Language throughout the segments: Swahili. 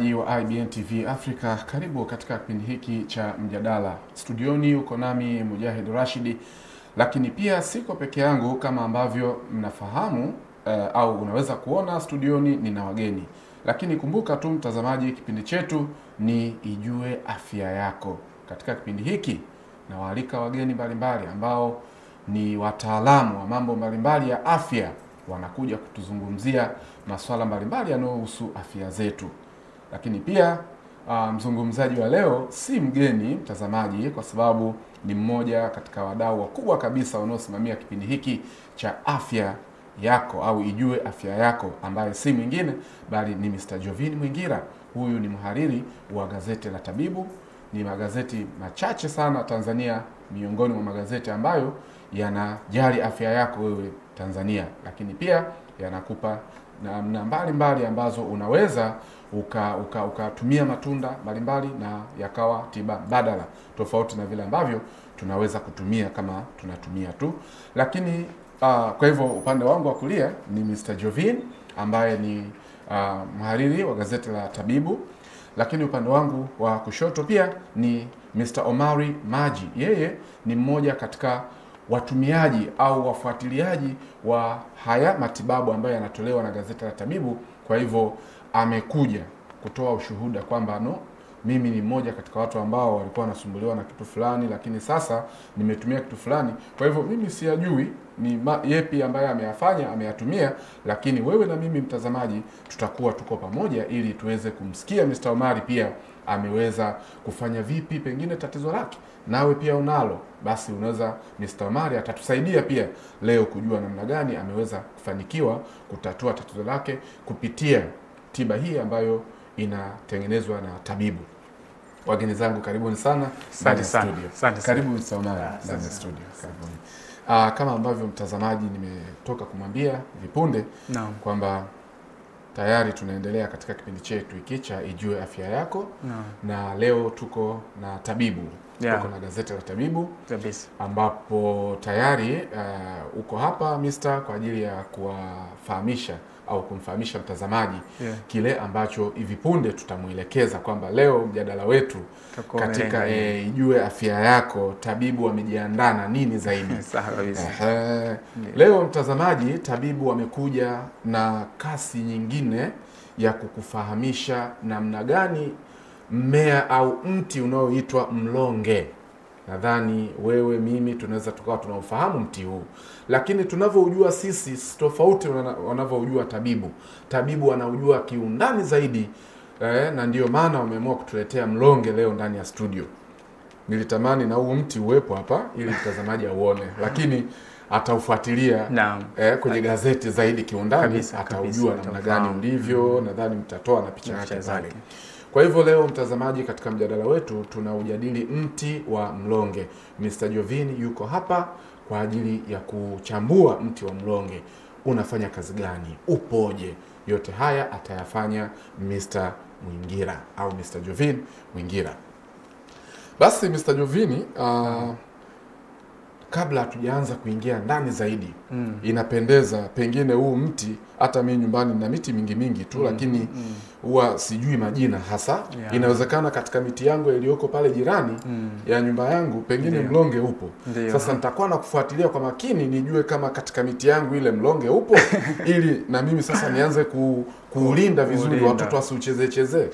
mtazamaji wa IBN TV Africa, karibu katika kipindi hiki cha mjadala. Studioni uko nami Mujahid Rashidi, lakini pia siko peke yangu kama ambavyo mnafahamu eh, au unaweza kuona studioni nina wageni, lakini kumbuka tu mtazamaji, kipindi chetu ni Ijue Afya Yako. Katika kipindi hiki nawaalika wageni mbalimbali ambao ni wataalamu wa mambo mbalimbali ya afya wanakuja kutuzungumzia masuala mbalimbali yanayohusu afya zetu lakini pia uh, mzungumzaji wa leo si mgeni mtazamaji, kwa sababu ni mmoja katika wadau wakubwa kabisa wanaosimamia kipindi hiki cha afya yako au ijue afya yako, ambaye si mwingine bali ni Mr. Jovin Mwingira. Huyu ni mhariri wa gazeti la Tabibu, ni magazeti machache sana Tanzania miongoni mwa magazeti ambayo yanajali afya yako wewe Tanzania, lakini pia yanakupa namna mbalimbali ambazo unaweza ukatumia uka, uka matunda mbalimbali na yakawa tiba mbadala, tofauti na vile ambavyo tunaweza kutumia kama tunatumia tu. Lakini uh, kwa hivyo upande wangu wa kulia ni Mr. Jovin ambaye ni uh, mhariri wa gazeti la Tabibu, lakini upande wangu wa kushoto pia ni Mr. Omari Maji, yeye ni mmoja katika watumiaji au wafuatiliaji wa haya matibabu ambayo yanatolewa na gazeti la Tabibu. Kwa hivyo amekuja kutoa ushuhuda kwamba no, mimi ni mmoja katika watu ambao walikuwa wanasumbuliwa na kitu fulani, lakini sasa nimetumia kitu fulani. Kwa hivyo mimi siyajui ni yepi ambaye ameyafanya ameyatumia, lakini wewe na mimi mtazamaji tutakuwa tuko pamoja ili tuweze kumsikia Mr. Omari pia ameweza kufanya vipi, pengine tatizo lake nawe pia unalo, basi unaweza Mr. Omari atatusaidia pia leo kujua namna gani ameweza kufanikiwa kutatua tatizo lake kupitia tiba hii ambayo inatengenezwa na tabibu. Wageni zangu karibuni sana sana, studio. Karibu Mr. Omari ndani studio, karibuni. Ah, kama ambavyo mtazamaji nimetoka kumwambia vipunde no. kwamba tayari tunaendelea katika kipindi chetu hiki cha Ijue Afya Yako na leo tuko na tabibu yeah. tuko na gazeti la Tabibu ambapo tayari uh, uko hapa mister kwa ajili ya kuwafahamisha au kumfahamisha mtazamaji yeah. kile ambacho hivi punde tutamwelekeza kwamba leo mjadala wetu Kakome, katika e, ijue afya yako tabibu amejiandaa na nini zaidi yeah. Leo mtazamaji, tabibu amekuja na kasi nyingine ya kukufahamisha namna gani mmea au mti unaoitwa mlonge nadhani wewe mimi tunaweza tukawa tunaufahamu mti huu lakini tunavyoujua sisi tofauti wanavyoujua tabibu tabibu anaujua kiundani zaidi eh, na ndio maana wameamua kutuletea mlonge leo ndani ya studio nilitamani na huu mti uwepo hapa ili mtazamaji auone lakini ataufuatilia eh, kwenye gazeti zaidi kiundani ataujua namna gani ulivyo mm. nadhani mtatoa na picha yake pale kwa hivyo leo mtazamaji, katika mjadala wetu tunaujadili mti wa mlonge. Mr. Jovini yuko hapa kwa ajili ya kuchambua mti wa mlonge unafanya kazi gani, upoje? Yote haya atayafanya Mr. Mwingira au Mr. Jovin Mwingira. Basi Mr. Jovini, uh, kabla hatujaanza kuingia ndani zaidi mm. Inapendeza pengine huu mti, hata mimi nyumbani na miti mingi mingi tu mm. lakini mm huwa sijui majina hasa yeah. Inawezekana katika miti yangu iliyoko pale jirani mm. ya nyumba yangu pengine Ndiyo. mlonge upo Ndiyo. Sasa nitakuwa na kufuatilia kwa makini nijue kama katika miti yangu ile mlonge upo ili na mimi sasa nianze ku, kuulinda vizuri Ulinda. watoto wasiuchezechezee.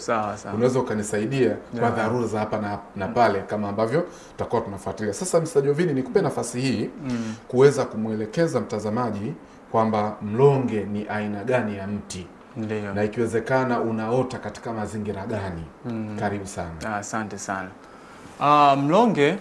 Unaweza ukanisaidia kwa dharura za hapa na, na pale kama ambavyo tutakuwa tunafuatilia. Sasa Mr. Jovini, nikupe nafasi hii mm. kuweza kumwelekeza mtazamaji kwamba mlonge ni aina gani ya mti Ndiyo. na ikiwezekana unaota katika mazingira gani? mm. Karibu sana. Ah, asante sana. Uh, mlonge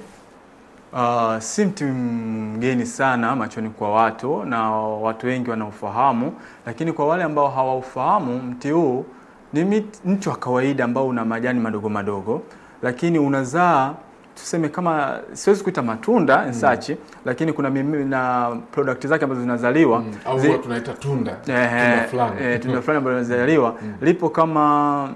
uh, si mti mgeni sana machoni kwa watu na watu wengi wanaufahamu, lakini kwa wale ambao hawaufahamu mti huu ni mti wa kawaida ambao una majani madogo madogo, lakini unazaa tuseme kama siwezi kuita matunda mm. sachi lakini kuna mimi na product zake ambazo zinazaliwa mm. au zi... tunaita tunda eh, tunda fulani eh, tunda fulani mm. lipo kama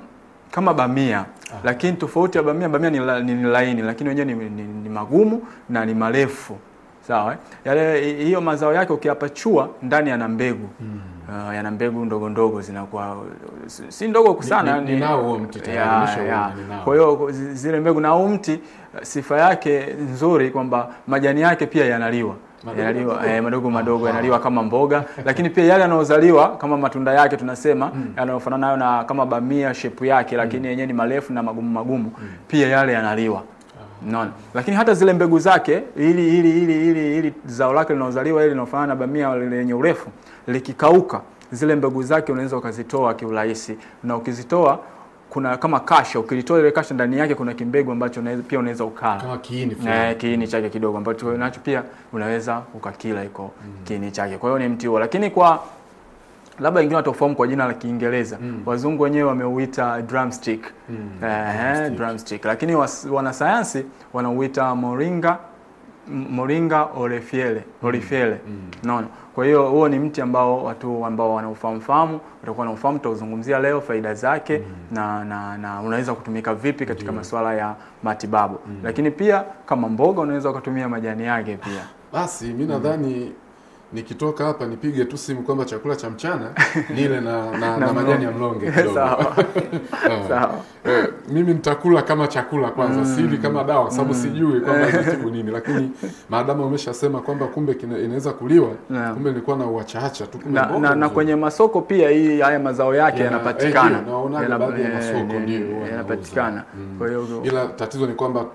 kama bamia ah. lakini tofauti ya bamia bamia ni, la, ni, ni laini lakini wenyewe ni, ni, ni magumu na ni marefu sawa eh? yale hiyo mazao yake ukiyapachua ndani yana mbegu mm uh, yana mbegu ndogo ndogo zinakuwa si ndogo sana ni, ni, ninao mti tayari ya. Kwa hiyo zile mbegu na mti sifa yake nzuri kwamba majani yake pia yanaliwa yanaliwa eh, madogo madogo ah, ah. yanaliwa kama mboga lakini pia yale yanayozaliwa kama matunda yake tunasema mm. yanayofanana nayo na kama bamia shepu yake lakini hmm. yenyewe ni marefu na magumu magumu mm. pia yale yanaliwa Unaona? Lakini hata zile mbegu zake ili ili ili ili ili zao lake linalozaliwa ili linofanana na bamia lenye urefu likikauka, zile mbegu zake unaweza ukazitoa kiurahisi, na ukizitoa kuna kama kasha, ukilitoa ile kasha ndani yake kuna kimbegu ambacho unaweza pia unaweza ukala kama kiini fulani, eh, kiini chake kidogo ambacho unacho pia unaweza ukakila iko mm. kiini chake. Kwa hiyo ni mti huo, lakini kwa labda wengine watafahamu kwa jina la Kiingereza mm. Wazungu wenyewe wameuita drumstick mm. Eh, drumstick lakini wanasayansi wanauita moringa moringa orefiele orefiele mm. mm. Kwa hiyo huo ni mti ambao watu ambao wanaufahamfahamu watakuwa ufahamu tutauzungumzia leo faida zake mm. na, na, na unaweza kutumika vipi katika masuala ya matibabu mm. Lakini pia kama mboga unaweza ukatumia majani yake pia. Basi mi nadhani mm nikitoka hapa nipige tu simu kwamba chakula cha mchana nile na, na, na, na majani ya mlonge kidogo. Sawa. Sawa. E, mimi nitakula kama chakula kwanza, mm. sili kama dawa sababu mm. sijui kwamba inatibu nini, lakini maadamu umeshasema kwamba kumbe inaweza kuliwa yeah. kumbe nilikuwa na uachaacha tu na, na, na, kwenye masoko pia hii haya mazao yake yanapatikana. Yeah. Naona baadhi ya eh, masoko eh, ndio yanapatikana. Mm. Kwa hiyo ila tatizo ni kwamba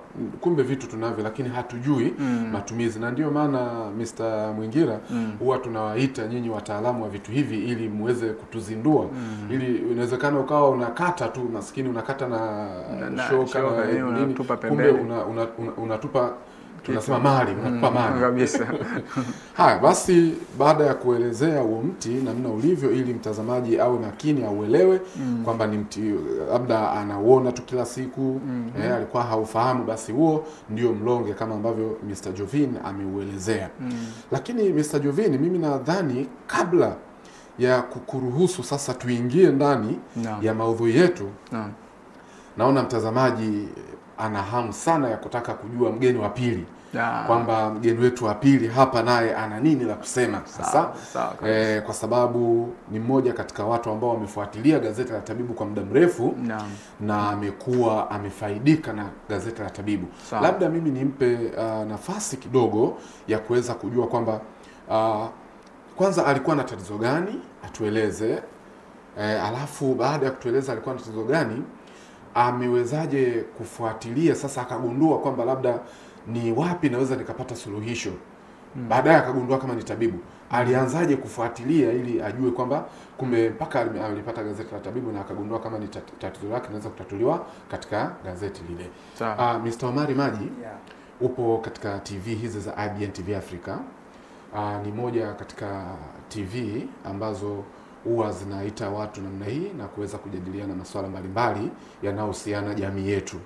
kumbe vitu tunavyo, lakini hatujui mm. matumizi na ndio maana Mr. Mwingira mm Mm. huwa mm. tunawaita nyinyi wataalamu wa vitu hivi ili mweze kutuzindua mm. ili inawezekana ukawa unakata tu maskini unakata na, na shoka na yaani kumbe unatupa una, una, una tunasema mali mnakupa mm, mali kabisa. Haya basi, baada ya kuelezea huo mti namna ulivyo, ili mtazamaji awe makini auelewe mm. kwamba ni mti labda anauona tu kila siku mm -hmm. eh, alikuwa haufahamu, basi huo ndio mlonge kama ambavyo Mr. Jovin ameuelezea mm. Lakini Mr. Jovin, mimi nadhani kabla ya kukuruhusu sasa tuingie ndani no. ya maudhui yetu no. Naona mtazamaji eh, ana hamu sana ya kutaka kujua mgeni wa pili Ah. kwamba mgeni wetu wa pili hapa naye ana nini la kusema sasa e, kwa sababu ni mmoja katika watu ambao wamefuatilia gazeti la Tabibu kwa muda mrefu na amekuwa amefaidika na gazeti la Tabibu. Sao. Labda mimi nimpe uh, nafasi kidogo ya kuweza kujua kwamba uh, kwanza alikuwa na tatizo gani atueleze. E, alafu baada ya kutueleza alikuwa na tatizo gani, amewezaje kufuatilia sasa akagundua kwamba labda ni wapi naweza nikapata suluhisho mm. Baadaye akagundua kama ni tabibu. Alianzaje kufuatilia ili ajue kwamba kumbe, mpaka alipata gazeti la Tabibu na akagundua kama ni tatizo lake linaweza kutatuliwa katika gazeti lile. Uh, ah, Mr. Omari Maji yeah. Upo katika TV hizi za IBN TV Africa. Uh, ni moja katika TV ambazo huwa zinaita watu namna hii na kuweza kujadiliana masuala mbalimbali yanayohusiana jamii yetu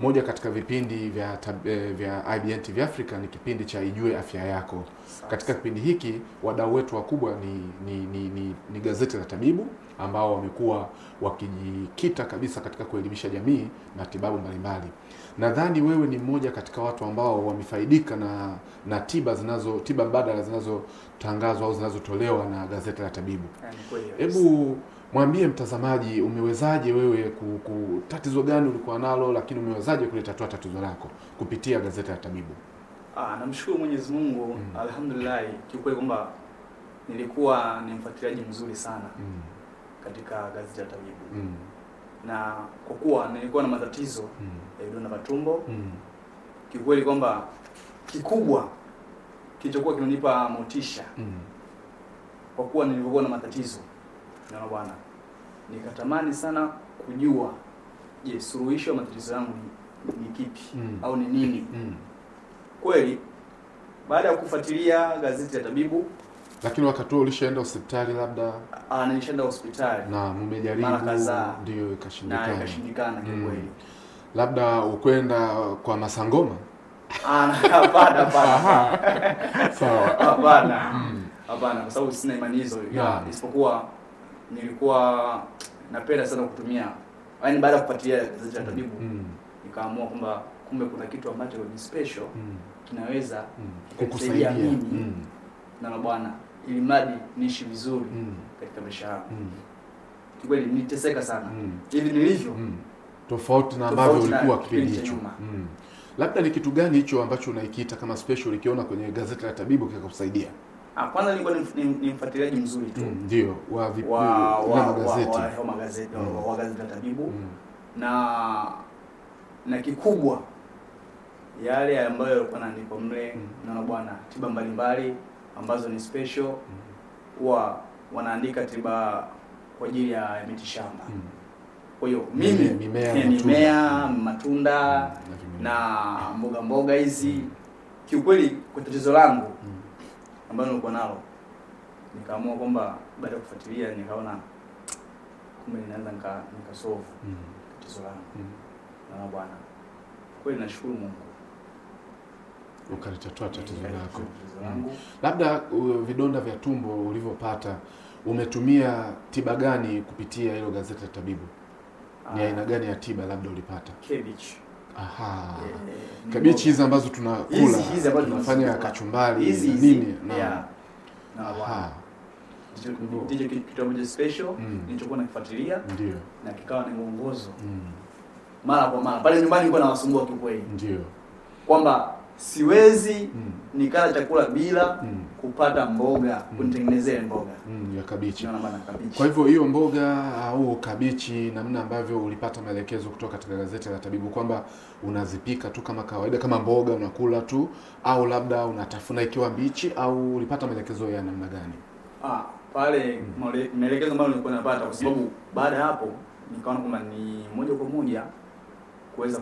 moja katika vipindi vya, tab, eh, vya IBN TV Africa ni kipindi cha Ijue Afya Yako. Katika kipindi hiki wadau wetu wakubwa ni, ni, ni, ni, ni gazeti la Tabibu ambao wamekuwa wakijikita kabisa katika kuelimisha jamii na tibabu mbalimbali. Nadhani wewe ni mmoja katika watu ambao wamefaidika na, na tiba zinazo tiba mbadala zinazotangazwa au zinazotolewa na gazeti la Tabibu. Yaani Hebu mwambie mtazamaji umewezaje wewe ku, ku, tatizo gani ulikuwa nalo, lakini umewezaje kulitatua tatizo lako kupitia gazeta ya Tabibu? Ah, namshukuru Mwenyezi Mungu mm. Alhamdulillah, kiukweli kwamba nilikuwa ni mfuatiliaji mzuri sana mm. katika gazeti ya Tabibu mm. na kwa kuwa nilikuwa na matatizo mm. ya vidonda vya tumbo mm. kiukweli kwamba kikubwa kilichokuwa kinanipa motisha mm. kwa kuwa nilivyokuwa na matatizo na bwana, nikatamani sana kujua, je, suluhisho ya matatizo yangu ni, ni kipi mm. au ni nini mm. Kweli baada ya kufuatilia gazeti ya tabibu lakini wakati huo ulishaenda hospitali labda? Ah, nilishaenda hospitali na mmejaribu, mara kadhaa, ndio ikashindikana. Ikashindikana mm. kweli. Labda ukwenda kwa Masangoma? Ah, hapana hapana. Sawa. Hapana. Hmm. Hapana, kwa sababu sina imani hizo, isipokuwa nilikuwa napenda sana kutumia yaani baada ya kufuatilia gazeti la tabibu mm. mm. nikaamua kwamba kumbe kuna kitu ambacho ni special mm. kinaweza mm. mimi mm. na mabwana ili mradi niishi vizuri mm. katika maisha yangu mm. kweli niliteseka sana mm. nilivyo mm. tofauti na ambavyo ulikuwa kipindi hicho mm. labda ni kitu gani hicho ambacho unaikiita kama special ukiona kwenye gazeti la tabibu kikakusaidia Ah, kwanza nilikuwa ni mfuatiliaji mzuri tu mm, ndio wa vipi wa magazeti wa magazeti mm. wa gazeti la Tabibu mm. na na kikubwa yale ambayo yalikuwa naandikwa mle na bwana tiba mbalimbali ambazo ni special huwa wanaandika tiba kwa ajili ya mm. Kwa hiyo mimi mimea, eh, mimea matunda na mboga mboga hizi, kiukweli kwa tatizo langu ambayo nilikuwa nalo, nikaamua kwamba baada ya kufuatilia nikaona kumbe ninaanza nika nika solve mm-hmm. tatizo langu mm. Mm-hmm. na bwana, kweli nashukuru Mungu ukalitatua tatizo lako. Mm. Labda uh, vidonda vya tumbo ulivyopata umetumia tiba gani kupitia hilo gazeti la Tabibu? Ni ah. aina gani ya tiba labda ulipata? Cabbage. Aha. kabichi hizi ambazo tunakula hizi ambazo tunafanya kachumbari hizi nini na yeah. na ndicho kitu ambacho special mm. nakifuatilia na kikawa ni mwongozo mm. mara kwa mara pale nyumbani nilikuwa nawasumbua kiukweli ndio kwamba siwezi mm. nikala chakula bila mm. kupata mboga mm. kunitengenezea mboga mm, ya kabichi. kabichi. Kwa hivyo hiyo mboga au kabichi, namna ambavyo ulipata maelekezo kutoka katika gazeti la Tabibu kwamba unazipika tu kama kawaida, kama mboga unakula tu, au labda unatafuna ikiwa mbichi, au ulipata maelekezo ya namna gani? Ah, pale mm. maelekezo mm. ambayo nilikuwa napata, kwa sababu baada ya hapo nikaona kwamba ni moja kwa moja kuweza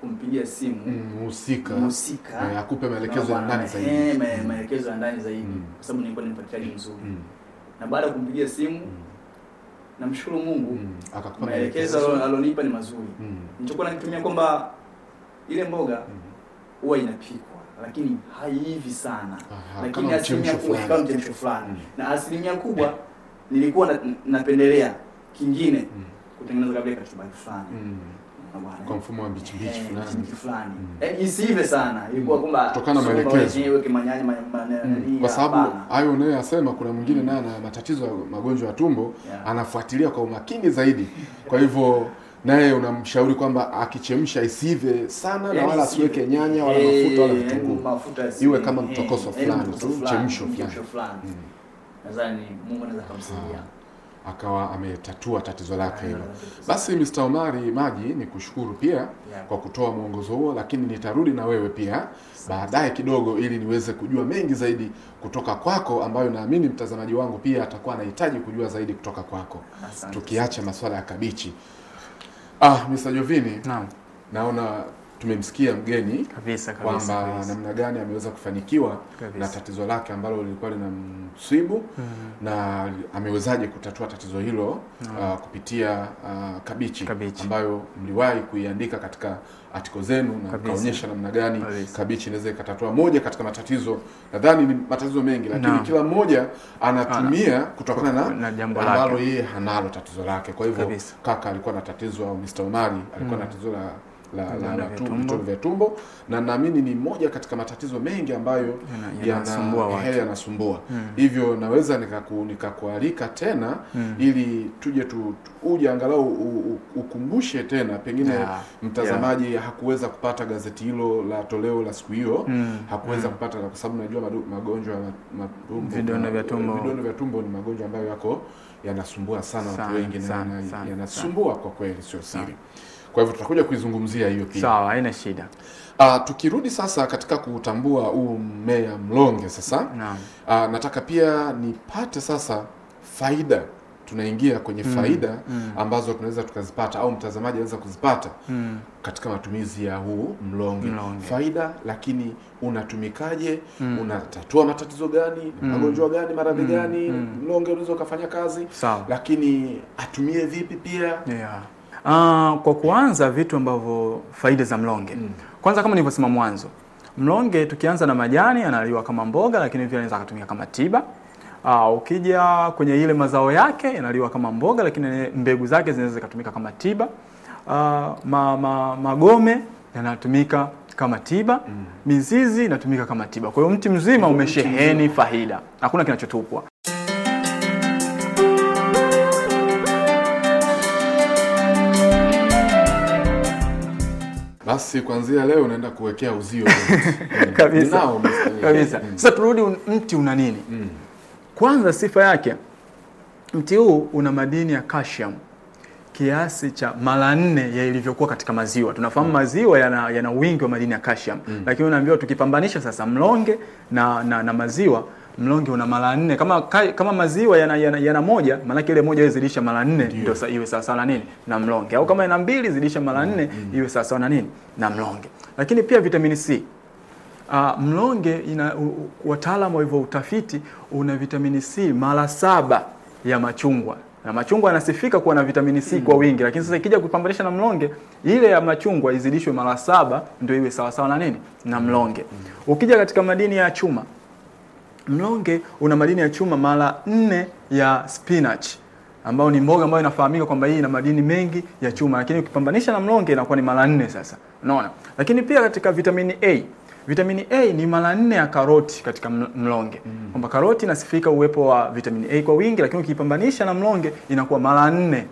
kumpigia simu mhusika mm, mhusika eh, akupe eh, mm. maelekezo ya ndani zaidi eh, maelekezo ya ndani zaidi kwa sababu nilikuwa ni mfuatiliaji mzuri mm. na baada ya kumpigia simu namshukuru Mungu akakupa maelekezo alionipa ni mazuri nilichokuwa nakitumia kwamba ile mboga huwa inapikwa lakini haivi sana Aha, lakini asilimia kubwa kama mchemsho fulani na asilimia kubwa nilikuwa napendelea kingine kutengeneza kabla ya kachumbari fulani mm kwa mfumo wa bichi bichi eh, fulani fulani mm. eh, isiive sana ilikuwa kwamba kutokana na maelekezo yenyewe kimanyanya mm. kwa sababu hayo unayoyasema kuna mwingine mm. naye ana matatizo ya magonjwa ya tumbo anafuatilia kwa umakini zaidi kwa hivyo naye unamshauri kwamba akichemsha isiive sana na yaani wala asiweke nyanya wala eh, mafuta wala yaani vitunguu iwe kama mtokoso fulani tu chemsho fulani nadhani Mungu anaweza kumsaidia ah akawa ametatua tatizo lake hilo. Basi Mr. Omari Maji, ni kushukuru pia kwa kutoa mwongozo huo, lakini nitarudi na wewe pia baadaye kidogo, ili niweze kujua mengi zaidi kutoka kwako, ambayo naamini mtazamaji wangu pia atakuwa anahitaji kujua zaidi kutoka kwako, tukiacha masuala ya kabichi. Ah, Mr. Jovini, naam, naona tumemsikia mgeni kwamba namna gani ameweza kufanikiwa kabisa, na tatizo lake ambalo lilikuwa linamsibu mm -hmm. na amewezaje kutatua tatizo hilo mm -hmm. uh, kupitia uh, kabichi, kabichi ambayo mliwahi kuiandika katika atiko zenu na kaonyesha namna gani kabisa, kabichi inaweza ikatatua moja katika matatizo, nadhani ni matatizo mengi, lakini no. kila mmoja anatumia Ana. kutokana na, na jambo lake ambalo yeye hanalo tatizo lake. Kwa hivyo kaka alikuwa na tatizo au Mr. Omari alikuwa mm -hmm. na tatizo la la, la, la vitu vya tumbo, na naamini ni moja katika matatizo mengi ambayo yanasumbua ya hmm. Hivyo naweza nikakualika nika tena hmm. ili tuje tu, uje angalau ukumbushe tena pengine yeah. mtazamaji yeah. hakuweza kupata gazeti hilo la toleo la siku hiyo hmm. hakuweza hmm. kupata kwa sababu najua magonjwa vidonda vya tumbo, vidonda vya tumbo ni magonjwa ambayo yako yanasumbua sana watu wengi na yanasumbua kwa kweli, sio siri. Kwa hivyo tutakuja kuizungumzia hiyo pia. Sawa, haina shida. Uh, tukirudi sasa katika kutambua huu mmea mlonge sasa. Naam. Uh, nataka pia nipate sasa faida tunaingia kwenye mm, faida mm, ambazo tunaweza tukazipata au mtazamaji anaweza kuzipata mm, katika matumizi ya huu mlonge, mlonge. Faida lakini unatumikaje? mm. unatatua matatizo gani? mm. magonjwa gani? maradhi mm. gani? mm. mlonge unaweza ukafanya kazi Sao. lakini atumie vipi pia? yeah. Uh, kwa kuanza vitu ambavyo faida za mlonge mm. Kwanza kama nilivyosema mwanzo, mlonge tukianza na majani analiwa kama mboga, lakini pia anaweza kutumika kama tiba. Uh, ukija kwenye ile mazao yake analiwa kama mboga, lakini mbegu zake zinaweza zikatumika kama tiba. Uh, ma, ma, magome yanatumika kama tiba mm. Mizizi inatumika kama tiba. Kwa hiyo mti mzima umesheheni faida, hakuna kinachotupwa. basi kuanzia leo unaenda kuwekea uzio kabisa kabisa. Mm. Sasa turudi, mti una nini? mm. Kwanza sifa yake mti huu una madini ya calcium kiasi cha mara nne ya ilivyokuwa katika maziwa. Tunafahamu mm. maziwa yana, yana wingi wa madini ya calcium mm. lakini unaambiwa tukipambanisha sasa mlonge na, na, na maziwa mlonge una mara nne kama kai, kama maziwa yana, yana, yana moja maanake ile moja zidisha mara nne ndio iwe sawasawa na nini na mlonge, au kama ina mbili zidisha mara mm, nne mm. iwe sawasawa na nini na mlonge. Lakini pia vitamini C Uh, mlonge ina wataalamu walivyo utafiti una vitamini C mara saba ya machungwa na machungwa yanasifika kuwa na vitamini C mm. kwa wingi, lakini sasa ikija kupambanisha na mlonge, ile ya machungwa izidishwe mara saba ndio iwe sawasawa na nini na mlonge mm. Ukija katika madini ya chuma Mlonge una madini ya chuma mara nne ya spinach ambayo ni mboga ambayo inafahamika kwamba hii ina madini mengi ya chuma, lakini ukipambanisha na mlonge inakuwa ni mara nne sasa. Unaona? Lakini pia katika vitamini A Vitamini A ni mara nne ya karoti katika mlonge. Mm. Kwamba karoti inasifika uwepo wa vitamini A kwa wingi, lakini ukipambanisha na mlonge inakuwa mara nne.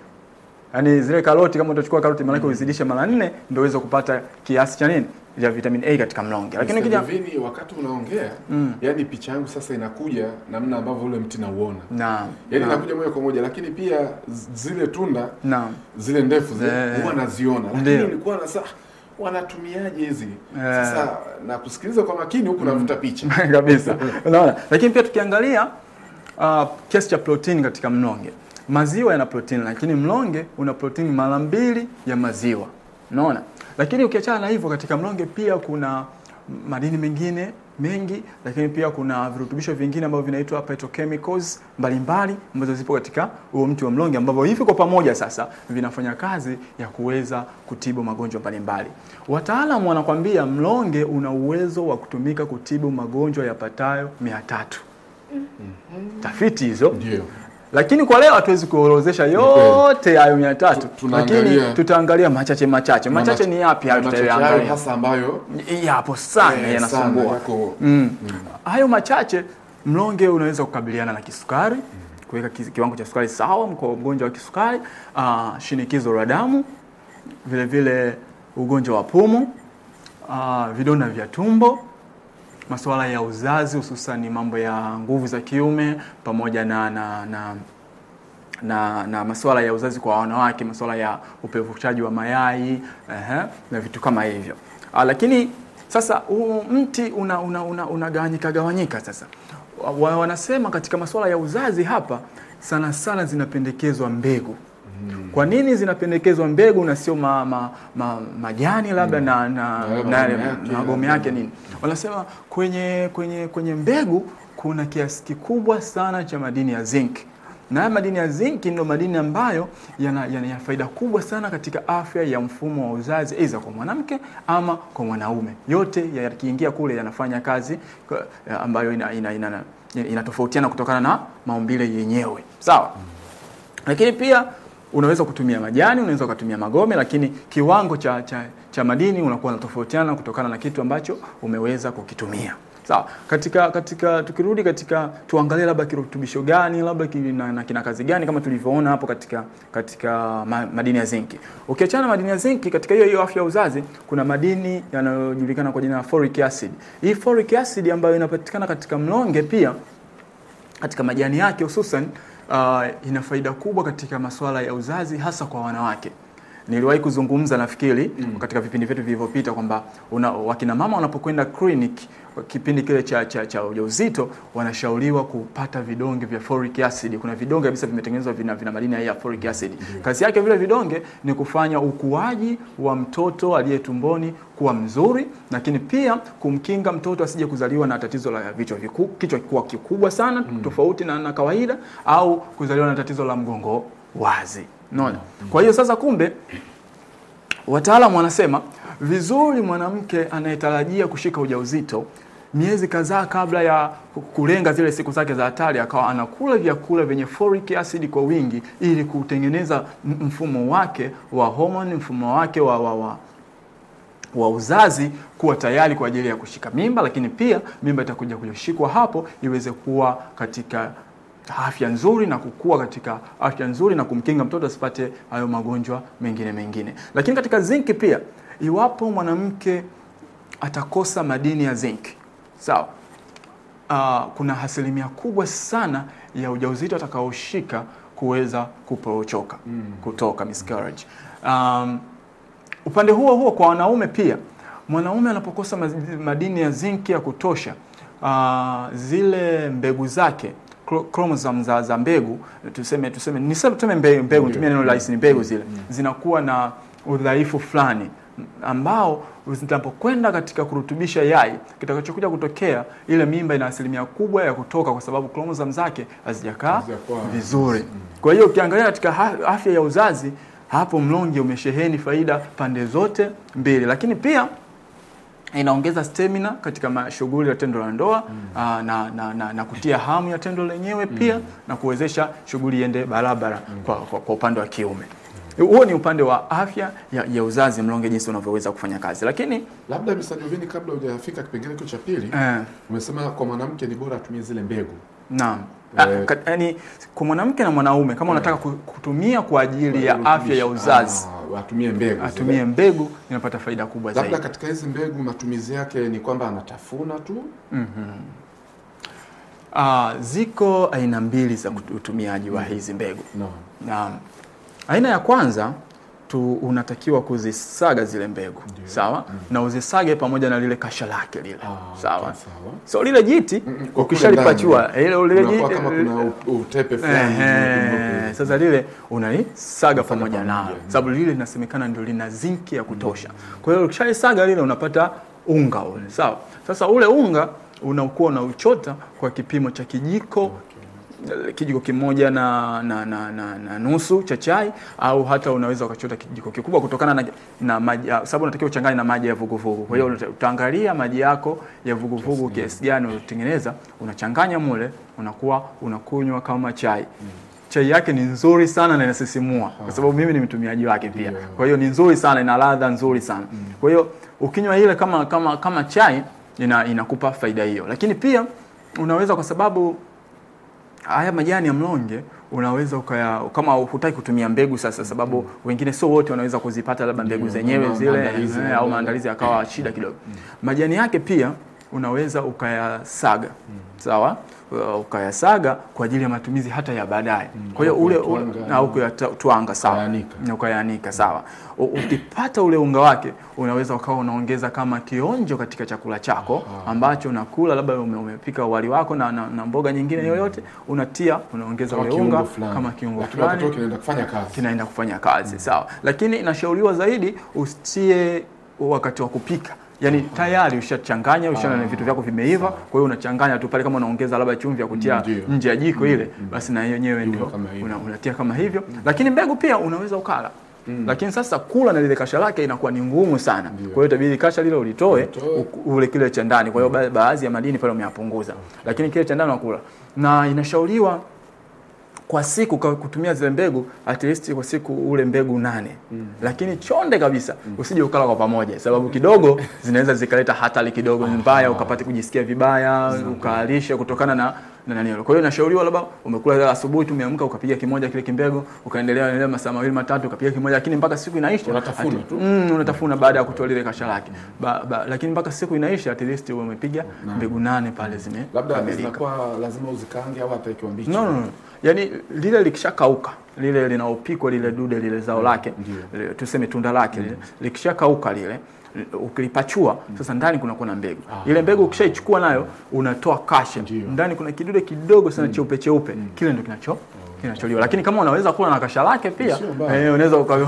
Yaani zile karoti kama utachukua karoti maana mm. uzidisha mara nne ndio uweze kupata kiasi cha nini? ya vitamin A katika mlonge. Lakini kija vini wakati unaongea, mm. yani picha yangu sasa inakuja namna ambavyo ule mti nauona. Naam. Yaani inakuja moja kwa moja, lakini pia zile tunda naam, zile ndefu zile eh. huwa naziona. Lakini nilikuwa na saa wanatumiaje hizi yeah. Sasa na kusikiliza kwa makini huku mm. navuta picha kabisa, unaona. Lakini pia tukiangalia uh, kiasi cha protein katika mlonge, maziwa yana protein lakini mlonge una protein mara mbili ya maziwa. Unaona? Lakini ukiachana na hivyo, katika mlonge pia kuna madini mengine mengi, lakini pia kuna virutubisho vingine ambavyo vinaitwa petrochemicals mbalimbali ambazo zipo katika huo mti wa mlonge, ambavyo hivi kwa pamoja sasa vinafanya kazi ya kuweza kutibu magonjwa mbalimbali. Wataalamu wanakwambia mlonge una uwezo wa kutumika kutibu magonjwa yapatayo mia tatu. Mm. Tafiti hizo lakini kwa leo hatuwezi kuorozesha yote hayo mia tatu, lakini tutaangalia machache machache machache. Ni yapi hayo Tutaangalia hasa ambayo yapo sana eh, yanasumbua mm. Mm. hayo machache? Mlonge unaweza kukabiliana na kisukari kuweka kiwango cha sukari sawa kwa ugonjwa wa kisukari, uh, shinikizo la damu, vile vile ugonjwa wa pumu, uh, vidonda vya tumbo masuala ya uzazi hususan mambo ya nguvu za kiume pamoja na na, na na na masuala ya uzazi kwa wanawake, masuala ya upevushaji wa mayai ehe, na vitu kama hivyo. Ah, lakini sasa huu mti unagawanyika una, una, una gawanyika sasa wanasema katika masuala ya uzazi hapa sana sana zinapendekezwa mbegu kwa nini zinapendekezwa mbegu na sio ma, ma, ma, majani labda mm. na na magome yake nini? Wanasema kwenye kwenye kwenye mbegu kuna kiasi kikubwa sana cha madini ya zinc. Na haya madini ya zinc ndio madini ambayo yana, yana faida kubwa sana katika afya ya mfumo wa uzazi aidha kwa mwanamke ama kwa mwanaume. Yote yakiingia kule yanafanya kazi ambayo ina, ina, ina, ina inatofautiana kutokana na maumbile yenyewe. Sawa? Mm. Lakini pia unaweza kutumia majani, unaweza kutumia magome, lakini kiwango cha, cha, cha madini unakuwa unatofautiana kutokana na kitu ambacho umeweza kukitumia. Sawa. Katika katika tukirudi katika tuangalie labda kirutubisho gani labda kina, na kina kazi gani kama tulivyoona hapo katika katika ma, madini ya zinki. Ukiachana madini ya zinki katika hiyo hiyo afya ya uzazi kuna madini yanayojulikana kwa jina la folic acid. Hii folic acid ambayo inapatikana katika mlonge pia katika majani yake hususan uh, ina faida kubwa katika masuala ya uzazi hasa kwa wanawake. Niliwahi kuzungumza nafikiri mm. katika vipindi vyetu vilivyopita kwamba wakina mama wanapokwenda clinic kipindi kile cha, cha, cha ujauzito wanashauriwa kupata vidonge vya folic acid. Kuna vidonge kabisa vimetengenezwa vina, vina madini ya folic acid. Mm-hmm. Kazi yake vile vidonge ni kufanya ukuaji wa mtoto aliye tumboni kuwa mzuri, lakini pia kumkinga mtoto asije kuzaliwa na tatizo la vichwa viku, kichwa kikuwa kikubwa sana mm. tofauti na, na kawaida au kuzaliwa na tatizo la mgongo wazi. Unaona? Mm-hmm. Kwa hiyo sasa kumbe wataalamu wanasema vizuri mwanamke anayetarajia kushika ujauzito miezi kadhaa kabla ya kulenga zile siku zake za hatari, akawa anakula vyakula vyenye folic acid kwa wingi ili kutengeneza mfumo wake wa homoni, mfumo wake wa, wa, wa wa uzazi kuwa tayari kwa ajili ya kushika mimba, lakini pia mimba itakuja kushikwa hapo iweze kuwa katika afya nzuri na kukua katika afya nzuri na kumkinga mtoto asipate hayo magonjwa mengine mengine. Lakini katika zinki pia, iwapo mwanamke atakosa madini ya zinki sawa. Uh, kuna asilimia kubwa sana ya ujauzito atakaoshika kuweza kupochoka mm. kutoka miscarriage. Um, upande huo huo kwa wanaume pia, mwanaume anapokosa madini ya zinki ya kutosha uh, zile mbegu zake chromosome za, za mbegu tuseme tuseme niseme tuseme mbegu tumie neno rahisi, ni mbegu zile mm. zinakuwa na udhaifu fulani ambao zinapokwenda katika kurutubisha yai, kitakachokuja kutokea, ile mimba ina asilimia kubwa ya kutoka, kwa sababu kromosomu zake hazijakaa vizuri. Mm. Kwa hiyo ukiangalia katika afya ya uzazi, hapo mlonge umesheheni faida pande zote mbili, lakini pia inaongeza stamina katika shughuli ya tendo la ndoa mm. Aa, na, na, na, na kutia hamu ya tendo lenyewe pia mm. na kuwezesha shughuli iende barabara mm. kwa, kwa, kwa upande wa kiume. Huo ni upande wa afya ya, ya uzazi mlonge jinsi unavyoweza kufanya kazi, lakini labda Mr. Jovini, kabla hujafika kipengele cha pili eh, umesema kwa mwanamke ni bora atumie zile mbegu. Naam. Eh. Ah, yani kwa mwanamke na mwanaume kama eh. unataka kutumia kwa ajili ya afya ya uzazi ah, atumie mbegu, atumie mbegu inapata faida kubwa zaidi. Labda katika hizi mbegu matumizi yake ni kwamba anatafuna tu. mm-hmm. Ah, ziko aina mbili za utumiaji wa mm. hizi mbegu. Naam. Aina ya kwanza tu unatakiwa kuzisaga zile mbegu Ndiyo. sawa mm. na uzisage pamoja na lile kasha lake lile ah, sawa. Okay, sawa so lile jiti mm, mm ukishalipachua ile lile jiti kama kuna eh, utepe eh, fulani eh, sasa lile unalisaga pamoja nalo mm. sababu lile linasemekana ndio lina zinki ya kutosha mm. kwa hiyo ukishalisaga lile unapata unga ule sawa sasa ule unga unakuwa unauchota kwa kipimo cha kijiko okay. Mm. Eh, kijiko kimoja na, na, na, na, na nusu cha chai au hata unaweza ukachota kijiko kikubwa kutokana na, na maji ah, sababu unatakiwa uchanganye na maji ya vuguvugu. Kwa hiyo mm. utaangalia maji yako ya vuguvugu kiasi gani unatengeneza, unachanganya mule, unakuwa unakunywa kama chai mm chai yake ni nzuri sana na inasisimua ah. kwa sababu mimi ni mtumiaji wake pia. Kwa hiyo ni nzuri sana, ina ladha nzuri sana. Mm. Kwa hiyo ukinywa ile kama kama kama chai ina, inakupa faida hiyo, lakini pia unaweza kwa sababu haya majani ya mlonge unaweza ukaya, kama hutaki kutumia mbegu sasa, mm-hmm. sababu mm. wengine sio wote wanaweza kuzipata labda mbegu zenyewe zile eh, au maandalizi yakawa mm-hmm. shida kidogo. Mm-hmm. Majani yake pia unaweza ukayasaga, sawa ukayasaga kwa ajili ya matumizi hata ya baadaye. Mm, kwa hiyo ule na ukayatwanga, sawa, na ukayanika, sawa. Ukipata ule unga wake, unaweza ukawa unaongeza kama kionjo katika chakula chako ambacho unakula, labda umepika wali wako na, na, na mboga nyingine mm. yoyote, unatia unaongeza ule unga kama kiungo fulani, kinaenda kufanya kazi, mm. sawa. Lakini inashauriwa zaidi usitie wakati wa kupika yani tayari ushachanganya ah. ushana na vitu vyako vimeiva, kwa hiyo unachanganya tu pale, kama unaongeza labda chumvi ya kutia mm, nje ya jiko ile, mm, mm. basi na yenyewe ndio unatia kama hivyo. Lakini mbegu pia unaweza ukala Mm. Lakini sasa kula na lile kasha lake inakuwa ni ngumu sana. Kwa hiyo itabidi kasha lile ulitoe ule kile cha ndani. Kwa hiyo baadhi ya madini pale umeyapunguza. Lakini kile cha ndani unakula. Na inashauriwa kwa siku kwa kutumia zile mbegu at least kwa siku ule mbegu nane mm. lakini chonde kabisa mm. usije ukala kwa pamoja sababu kidogo zinaweza zikaleta hatari kidogo ah, mbaya ah. ukapata kujisikia vibaya mm. ukaalisha kutokana na na nani hilo. Kwa hiyo nashauriwa labda umekula leo asubuhi tumeamka ukapiga kimoja kile kimbego, ukaendelea endelea masaa mawili matatu ukapiga kimoja lakini mpaka siku inaisha unatafuna tu. Mm, unatafuna baada ya kutoa lile kasha lake. Ba, ba, lakini mpaka siku inaisha at least umepiga mbegu nane pale zime. Labda zinakuwa lazima uzikange au hata ikiwa mbichi. No, no, no. Yaani lile likishakauka lile linaopikwa lile dude lile zao mm. lake, tuseme tunda lake lile mm. likishakauka lile Eh, ukilipachua mm. Sasa ndani kunakuwa na mbegu ah. Ile mbegu ukishaichukua nayo unatoa kashe ndani, kuna kidude kidogo sana mm. cheupe cheupe mm. kile ndio kinacho oh. kinacholiwa, lakini kama unaweza kula na kasha lake pia eh, unaweza uka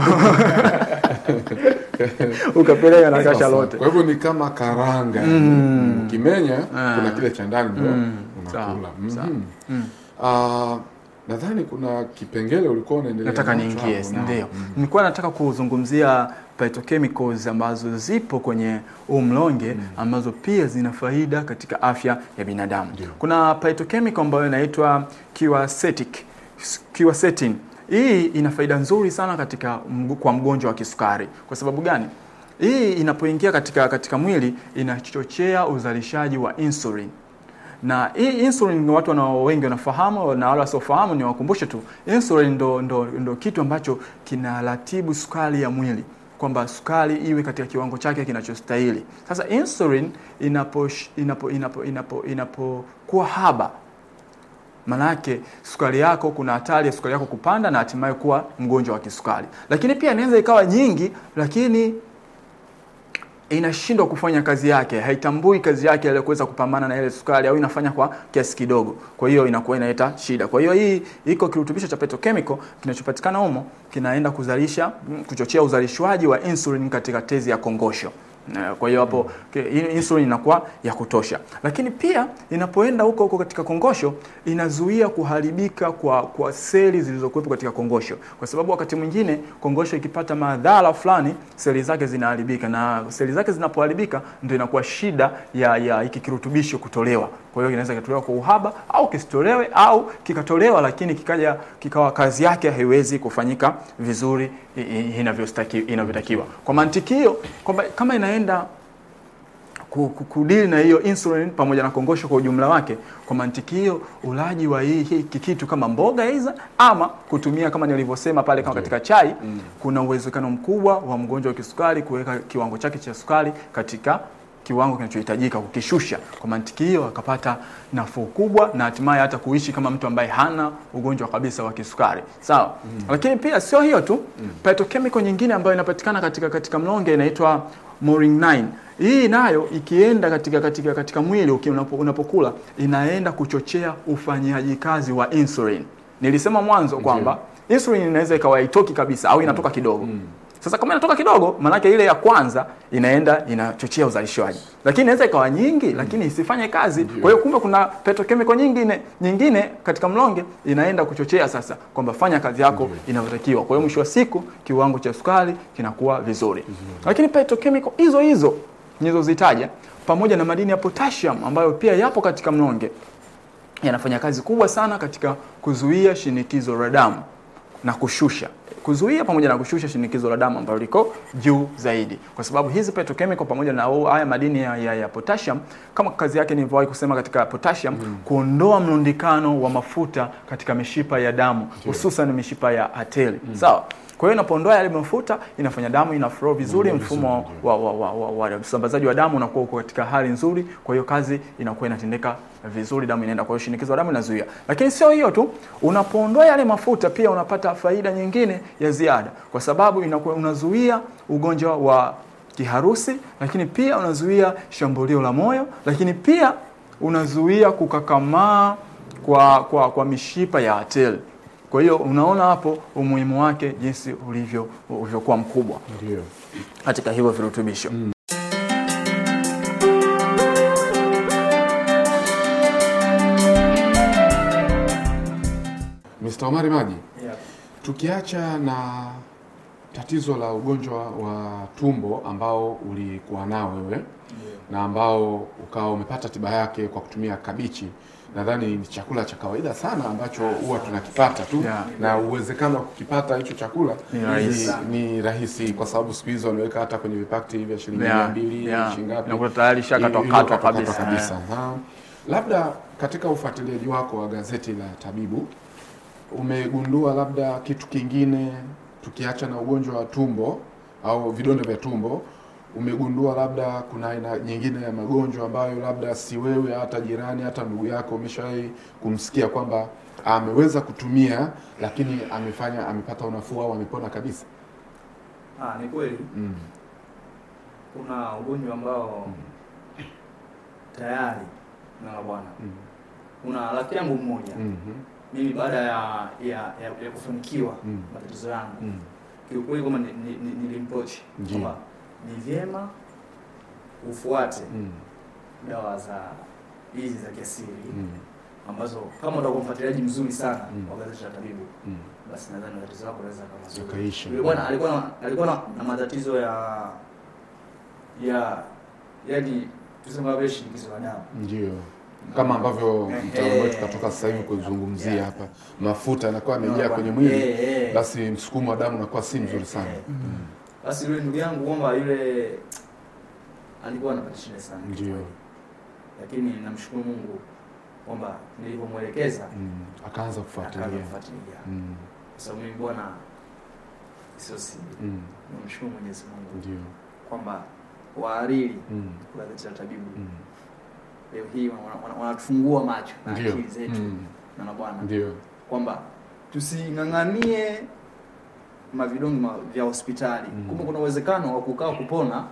ukapeleka na kasha lote. Kwa hivyo ni kama karanga mm. ukimenya ah. kuna kile cha ndani ndio mm. unakula mm-hmm. mm. mm. uh, nadhani kuna kipengele ulikuwa unaendelea, nataka niingie, ndio mm-hmm. nilikuwa nataka kuzungumzia phytochemicals ambazo zipo kwenye umlonge mm. ambazo pia zina faida katika afya ya binadamu. yeah. Kuna phytochemical ambayo inaitwa quercetin. hii ina faida nzuri sana katika mgu, kwa mgonjwa wa kisukari. Kwa sababu gani? Hii inapoingia katika, katika mwili inachochea uzalishaji wa insulin na hii insulin watu wanao wengi wanafahamu, na wale wasiofahamu ni wakumbushe tu, insulin ndo, ndo, ndo kitu ambacho kinaratibu sukari ya mwili kwamba sukari iwe katika kiwango chake kinachostahili. Sasa insulin inapo inapo inapo inapo inapokuwa haba, manake sukari yako, kuna hatari ya sukari yako kupanda na hatimaye kuwa mgonjwa wa kisukari. Lakini pia inaweza ikawa nyingi, lakini inashindwa kufanya kazi yake, haitambui kazi yake ile kuweza kupambana na ile sukari, au inafanya kwa kiasi kidogo, kwa hiyo inakuwa inaleta shida. Kwa hiyo hii iko kirutubisho cha petrochemical kinachopatikana humo kinaenda kuzalisha, kuchochea uzalishwaji wa insulin katika tezi ya kongosho. Eh, kwa hiyo hapo insulin inakuwa ya kutosha, lakini pia inapoenda huko huko katika kongosho inazuia kuharibika kwa, kwa seli zilizokuwepo katika kongosho, kwa sababu wakati mwingine kongosho ikipata madhara fulani seli zake zinaharibika, na seli zake zinapoharibika ndio inakuwa shida ya, ya kirutubisho kutolewa kwa hiyo kinaweza kikatolewa kwa uhaba au kisitolewe au kikatolewa, lakini kikaja kikawa kazi yake haiwezi kufanyika vizuri inavyotakiwa. Kwa mantiki hiyo kwamba kama inaenda kudili na hiyo insulin pamoja na kongosho kwa ujumla wake, kwa mantiki hiyo ulaji wa hii hiki kitu kama mboga iza ama kutumia kama nilivyosema pale kama katika chai mm, kuna uwezekano mkubwa wa mgonjwa wa kisukari kuweka kiwango chake cha sukari katika kiwango kinachohitajika kukishusha. Kwa mantiki hiyo, akapata nafuu kubwa na hatimaye hata kuishi kama mtu ambaye hana ugonjwa kabisa wa kisukari. Sawa. Mm. Lakini pia sio hiyo tu, mm. petrochemical nyingine ambayo inapatikana katika katika mlonge inaitwa 9 Hii nayo ikienda katika katika katika mwili unapo, unapokula inaenda kuchochea ufanyaji kazi wa insulin. Nilisema mwanzo kwamba insulin inaweza ikawa haitoki kabisa au inatoka mm. kidogo. Mm. Sasa kama inatoka kidogo, maanake ile ya kwanza inaenda inachochea uzalishaji, lakini inaweza ikawa nyingi mm. lakini isifanye kazi. Kwa hiyo kumbe kuna petrochemical nyingine nyingine katika mlonge inaenda kuchochea sasa kwamba fanya kazi yako mm. inayotakiwa. Kwa hiyo mwisho wa siku kiwango cha sukari kinakuwa vizuri mm. lakini petrochemical hizo hizo nilizozitaja pamoja na madini ya potassium ambayo pia yapo katika mlonge yanafanya kazi kubwa sana katika kuzuia shinikizo la damu na kushusha kuzuia pamoja na kushusha shinikizo la damu ambalo liko juu zaidi, kwa sababu hizi petrochemical pamoja na haya madini ya, ya, ya potassium kama kazi yake nilivyowahi kusema katika potassium mm. kuondoa mlundikano wa mafuta katika mishipa ya damu hususan mishipa ya ateli mm. sawa so, kwa hiyo inapoondoa yale mafuta inafanya damu ina flow vizuri, mfumo wa wa, wa, wa, wa usambazaji wa damu unakuwa uko katika hali nzuri, kwa hiyo kazi inakuwa inatendeka vizuri, damu inaenda, kwa hiyo shinikizo la damu linazuia. Lakini sio hiyo tu, unapoondoa yale mafuta pia unapata faida nyingine ya ziada, kwa sababu inakuwa unazuia ugonjwa wa kiharusi, lakini pia unazuia shambulio la moyo, lakini pia unazuia kukakamaa kwa, kwa, kwa mishipa ya ateli. Kwa hiyo unaona hapo umuhimu wake jinsi ulivyo ulivyokuwa mkubwa ndio katika hivyo virutubisho mm. Mr. Omari Maji yeah. Tukiacha na tatizo la ugonjwa wa tumbo ambao ulikuwa nao wewe yeah. na ambao ukawa umepata tiba yake kwa kutumia kabichi nadhani ni chakula cha kawaida sana ambacho huwa tunakipata tu yeah. na uwezekano wa kukipata hicho chakula yeah, ni, ni rahisi kwa sababu siku hizo wanaweka hata kwenye vipakti vya shilingi mia mbili shingapi tayari shakatokatwa kabisa, kabisa. Yeah. labda katika ufuatiliaji wako wa gazeti la tabibu umegundua labda kitu kingine tukiacha na ugonjwa wa tumbo au vidonda vya tumbo umegundua labda kuna aina nyingine ya magonjwa ambayo labda si wewe, hata jirani, hata ndugu yako umeshawahi kumsikia kwamba ameweza kutumia lakini amefanya amepata unafuu au amepona kabisa? Ah, ni kweli mm. Kuna ugonjwa ambao mm. tayari na bwana mm. kuna rafiki yangu mmoja mm -hmm. mimi baada ya ya, ya, ya kufanikiwa mm. matatizo yangu mm. kiukweli kama nilimpochi ni, ni, ni ni vyema ufuate mm. dawa za hizi za kiasili mm. ambazo kama utakuwa mfuatiliaji mzuri sana mm. wa gazeti la Tabibu mm. basi nadhani matatizo yako yanaweza kama mazuri. Yakaisha. Bwana alikuwa alikuwa na matatizo ya ya yani tuseme wabe shinikizo la damu. Ndio. Kama ambavyo eh, mtaalamu wetu eh. katoka sasa hivi kuzungumzia hapa, mafuta yanakuwa yamejaa kwenye mwili, eh, basi msukumo wa damu unakuwa si mzuri sana. Mm. Basi yule ndugu yangu Omba yule alikuwa anapata shida sana, ndio, lakini namshukuru Mungu kwamba nilipomwelekeza mm. akaanza kufuatilia kufuatilia mm. Sasa mimi bwana sio si mm. namshukuru Mwenyezi Mungu ndio kwamba wahariri mm. kwa Tabibu mm. leo hii wanatufungua wana, wana macho na akili zetu mm. na bwana ndio kwamba tusing'ang'anie mavidonge vya hospitali mm. Kumbe kuna uwezekano wa kukaa kupona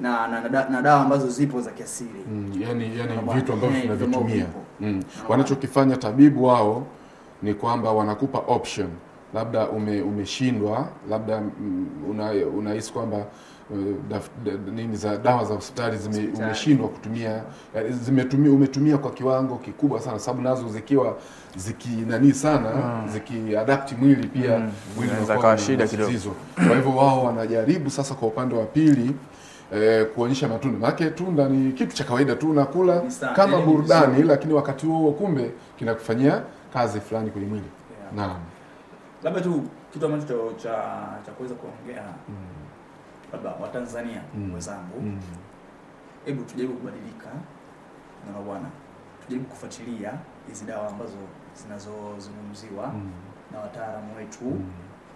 na na, na, na dawa ambazo zipo za kiasili mm. Yani, yani vitu ambavyo tunavitumia mm. Wanachokifanya tabibu wao ni kwamba wanakupa option, labda ume, umeshindwa labda mm, unahisi una kwamba Eh, nini za dawa za hospitali umeshindwa kutumia eh, zimetumia, umetumia kwa kiwango kikubwa sana, sababu nazo zikiwa zikinanii sana mm. zikiadapti mwili pia mm. mwili unakuwa shida kidogo. Kwa hivyo wao wanajaribu sasa kwa upande wa pili E, kuonyesha matunda maake, tunda ni kitu cha kawaida tu unakula kama yaani burudani, lakini wakati huo kumbe kinakufanyia kazi fulani kwenye mwili yeah. Naam, labda tu kitu ambacho cha cha kuweza kuongea mm labda Watanzania wenzangu mm. mm. hebu mm. tujaribu kubadilika na bwana, tujaribu kufuatilia hizi dawa ambazo zinazozungumziwa mm. na wataalamu wetu mm.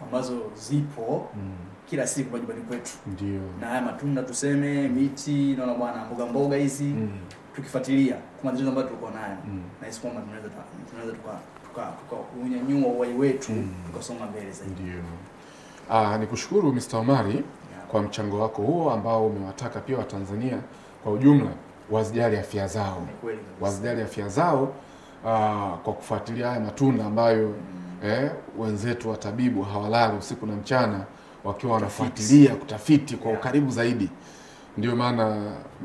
ambazo zipo mm. kila siku kwa kwetu, ndio na haya matunda tuseme, mm. miti naona bwana, mboga mboga hizi mm. tukifuatilia kwa matatizo ambayo tulikuwa nayo mm. na isi kwamba tunaweza tunaweza tuka tuka tuka, uhai wetu mm. tukasonga mbele zaidi. Ndio. Ah, nikushukuru Mr. Omari kwa mchango wako huo ambao umewataka pia Watanzania kwa ujumla wazijali afya zao, wazijali afya zao aa, ah, kwa kufuatilia haya matunda ambayo mm. eh, wenzetu watabibu hawalali usiku na mchana wakiwa wanafuatilia kutafiti kwa yeah. ukaribu zaidi. Ndio maana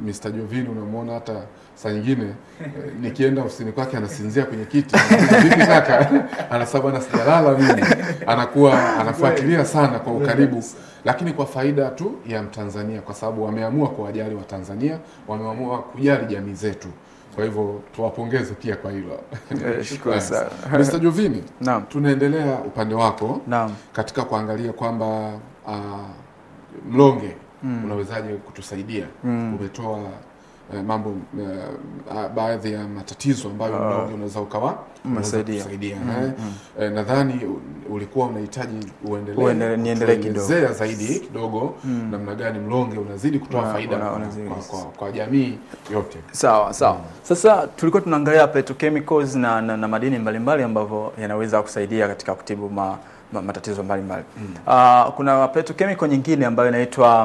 Mr. Jovini unamwona hata saa nyingine eh, nikienda ofisini kwake anasinzia kwenye kiti vipi kaka, anasababu sijalala mimi, anakuwa anafuatilia sana kwa ukaribu lakini kwa faida tu ya Mtanzania, kwa sababu wameamua kuwajali Watanzania, wameamua kujali jamii zetu. Kwa hivyo tuwapongeze pia kwa hilo. Eh, shukrani sana. Mr. Jovini, naam, tunaendelea upande wako naam, katika kuangalia kwamba uh, mlonge mm. unawezaje kutusaidia mm. umetoa Eh, mambo uh, baadhi ya matatizo ambayo mdogo ah. unaweza ukawa msaidia. Mm, eh. Mm. Nadhani ulikuwa unahitaji uendelee niendelee kidogo zaidi kidogo, mm. namna gani mlonge unazidi kutoa una, faida una, una, kwa, kwa, kwa jamii yote. Sawa sawa. Mm. Sasa tulikuwa tunaangalia petrochemicals na, na, na madini mbalimbali ambavyo yanaweza kusaidia katika kutibu ma, ma, matatizo mbalimbali mm. Uh, kuna petrochemical nyingine ambayo inaitwa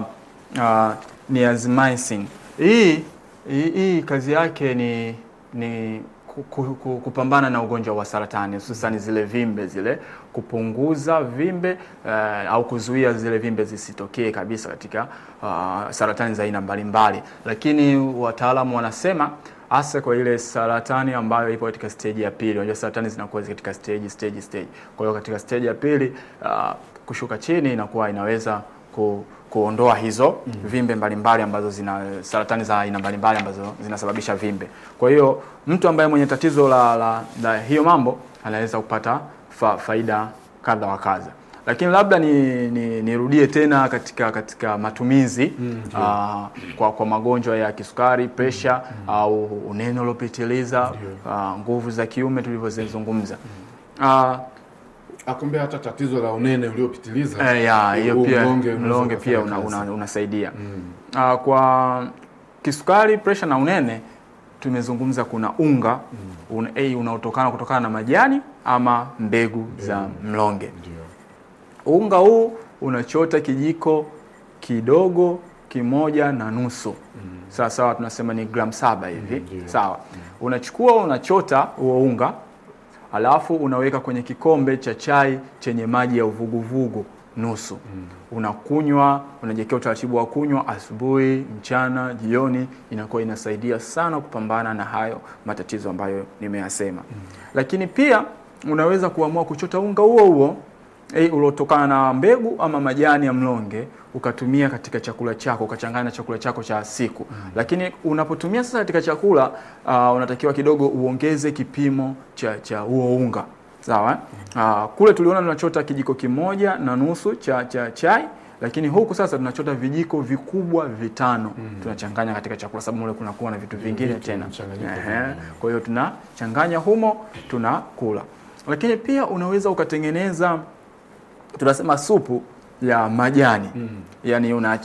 uh, ah, niazimicin hii hii kazi yake ni ni kupambana na ugonjwa wa saratani hususan zile vimbe zile, kupunguza vimbe uh, au kuzuia zile vimbe zisitokee kabisa katika uh, saratani za aina mbalimbali, lakini wataalamu wanasema hasa kwa ile saratani ambayo ipo katika stage ya pili. Unajua saratani zinakuwa katika stage stage stage, kwa hiyo katika stage ya pili uh, kushuka chini inakuwa inaweza ku kuondoa hizo mm. vimbe mbalimbali ambazo zina saratani za aina mbalimbali ambazo zinasababisha vimbe. Kwa hiyo mtu ambaye mwenye tatizo la, la, la hiyo mambo anaweza kupata fa, faida kadha wa kadha, lakini labda nirudie ni, ni tena katika katika matumizi mm. aa, ah, kwa, kwa magonjwa ya kisukari, presha mm. Mhm. au unene uliopitiliza, ah, nguvu za kiume tulivyozizungumza mm akumbe hata tatizo la unene uliopitiliza eh, ya hiyo pia mlonge, pia unasaidia una, una, unasaidia mm. Ah, kwa kisukari, presha na unene tumezungumza, kuna unga mm. un, hey, eh, unaotokana kutokana na majani ama mbegu mm. za mlonge Ndio. unga huu unachota kijiko kidogo kimoja na nusu mm. sawa sawa, tunasema ni gram saba hivi mm. sawa mm. unachukua unachota huo unga alafu unaweka kwenye kikombe cha chai chenye maji ya uvuguvugu nusu mm. Unakunywa, unajiwekea utaratibu wa kunywa asubuhi, mchana, jioni. Inakuwa inasaidia sana kupambana na hayo matatizo ambayo nimeyasema mm. Lakini pia unaweza kuamua kuchota unga huo huo e, uliotokana na mbegu ama majani ya mlonge ukatumia katika chakula chako ukachanganya na chakula chako cha siku mm. Lakini unapotumia sasa katika chakula uh, unatakiwa kidogo uongeze kipimo cha cha huo unga sawa mm. Uh, kule tuliona tunachota kijiko kimoja na nusu cha cha chai lakini huku sasa tunachota vijiko vikubwa vitano mm. tunachanganya katika chakula, sababu mule kunakuwa na vitu vingine mm. tena. Kwa hiyo tunachanganya humo tunakula, lakini pia unaweza ukatengeneza tunasema supu ya majani mm. Yani una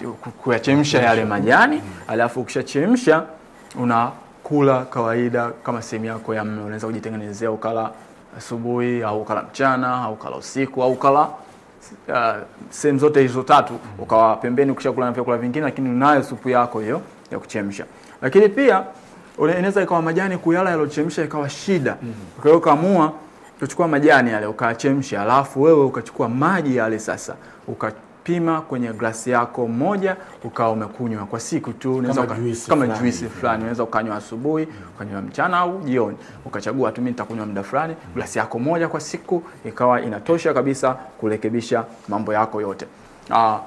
kuyachemsha yale majani mm. Alafu ukishachemsha unakula kawaida kama sehemu yako ya mlo, unaweza kujitengenezea ukala asubuhi au ukala mchana au ukala usiku au ukala uh, sehemu zote hizo tatu mm. Ukawa pembeni ukishakula na vyakula vingine, lakini unayo supu yako hiyo ya kuchemsha. Lakini pia inaweza ikawa majani kuyala yalochemsha ikawa shida mm. Kwa hiyo kamua utachukua majani yale ukachemsha, alafu wewe ukachukua maji yale sasa ukapima kwenye glasi yako moja, ukawa umekunywa kwa siku tu, unaweza kama juisi fulani, unaweza ukanywa asubuhi, mm. ukanywa mchana au jioni, ukachagua tu, mimi nitakunywa muda fulani, mm. glasi yako moja kwa siku ikawa inatosha kabisa kurekebisha mambo yako yote. Ah,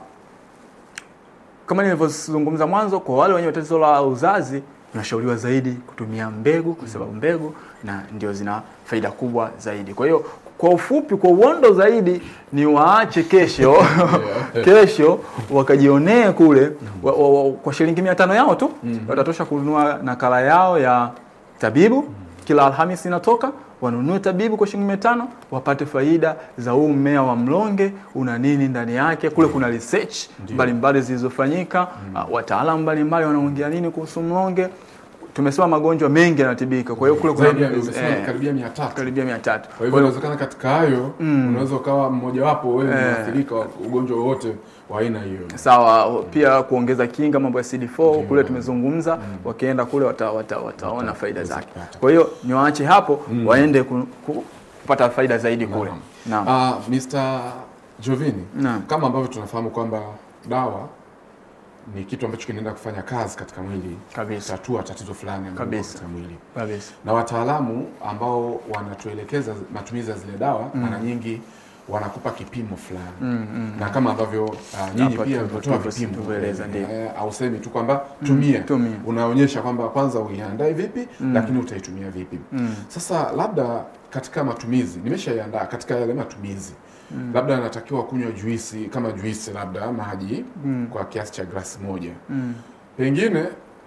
kama nilivyozungumza mwanzo, kwa wale wenye tatizo la uzazi unashauriwa zaidi kutumia mbegu kwa sababu mbegu na ndio zina faida kubwa zaidi. Kwa hiyo kwa ufupi, kwa uondo zaidi ni waache kesho kesho wakajionee kule wa, wa, wa, kwa shilingi mia tano yao tu mm -hmm. watatosha kununua nakala yao ya tabibu kila Alhamisi inatoka wanunue tabibu kwa shilingi mia tano wapate faida za huu mmea wa mlonge una nini ndani yake. Kule kuna research mbalimbali zilizofanyika, mm. uh, wataalamu mbalimbali wanaongea nini kuhusu mlonge tumesema magonjwa mengi yanatibika, kwa hiyo kule kuna eh, karibia 300 karibia 300. Kwa hiyo inawezekana katika hayo mm, unaweza ukawa mmoja wapo wewe eh, unaathirika ugonjwa wote wa aina hiyo. Sawa mm. Pia kuongeza kinga, mambo ya CD4 yeah, kule tumezungumza mm, wakienda kule wata, wata, wataona faida zake. Kwa hiyo niwaache hapo mm, waende ku, ku, kupata faida zaidi kule. Naam. Uh, ah, Mr. Jovini, kama ambavyo tunafahamu kwamba dawa ni kitu ambacho kinaenda kufanya kazi katika mwili kabisa, tatua tatizo fulani katika mwili kabisa. Na wataalamu ambao wanatuelekeza matumizi ya zile dawa mm. mara nyingi wanakupa kipimo fulani mm, mm, mm. na kama ambavyo uh, nyinyi pia mtoa vipimo eh, eh, au semi tu kwamba tumia, mm, tumia. Unaonyesha kwamba kwanza uiandae vipi mm. lakini utaitumia vipi mm. Sasa labda katika matumizi nimeshaiandaa katika yale matumizi mm. labda anatakiwa kunywa juisi kama juisi labda maji mm. kwa kiasi cha glasi moja mm. pengine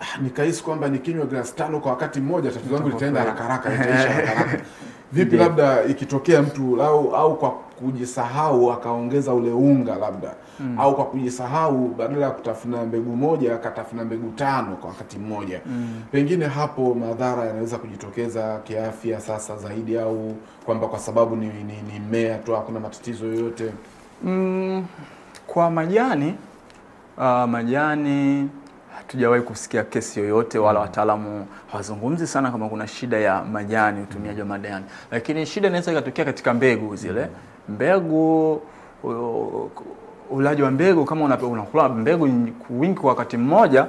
nikahisi kwamba nikinywa glasi tano kwa wakati mmoja tatizo langu litaenda haraka haraka, vipi? labda ikitokea mtu au, au kwa kujisahau akaongeza ule unga labda mm. au kwa kujisahau badala ya kutafuna mbegu moja akatafuna mbegu tano kwa wakati mmoja mm. pengine hapo madhara yanaweza kujitokeza kiafya sasa zaidi au kwamba kwa sababu ni, ni, ni mmea tu hakuna matatizo yoyote mm, kwa majani uh, majani hatujawahi kusikia kesi yoyote wala hmm. wataalamu hawazungumzi sana kama kuna shida ya majani, utumiaji wa majani, lakini shida inaweza ikatokea katika mbegu zile mm mbegu ulaji wa mbegu kama unakula mbegu wingi kwa wakati mmoja